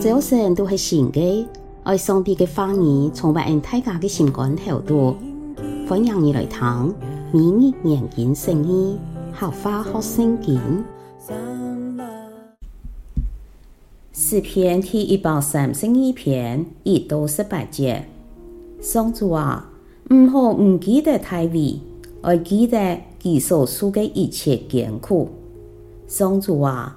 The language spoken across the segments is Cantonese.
早晨都是新的，愛上帝嘅話語，充滿大家嘅心肝肚，歡迎你來聽，明日人間聖經，好花好聲景。詩篇第一百三十二篇，一到十八節，上帝話：唔好唔記得大衛，而記得其所受嘅一切艱苦。上帝話。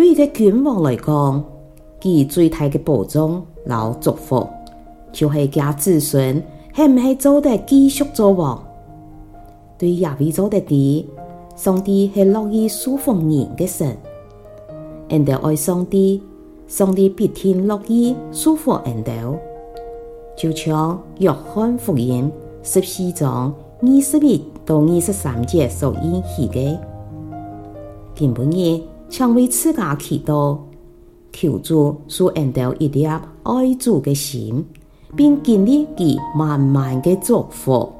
對於個君王來講，給予最大的保障，老祝福，就係教子孫還唔係做得繼續做王。對於亞比做得啲，上帝係樂意祝福人嘅神，人哋愛上帝，上帝必定樂意祝福人哋。就像約翰福音十四章二十二到二十三節所言起嘅，見本頁。常為自家祈禱，求主所引導一粒愛主的心，並建立佢滿滿嘅祝福。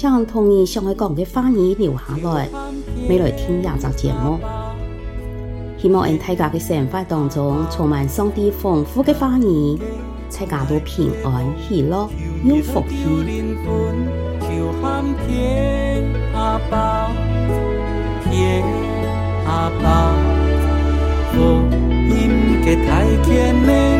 想同你想愛講嘅話語留下來，未來聽廿集節目。希望人大家嘅生活當中充滿上帝豐富嘅話語，才感到平安、喜樂、有福氣。阿爸、嗯，阿爸，福音嘅太甜嘞！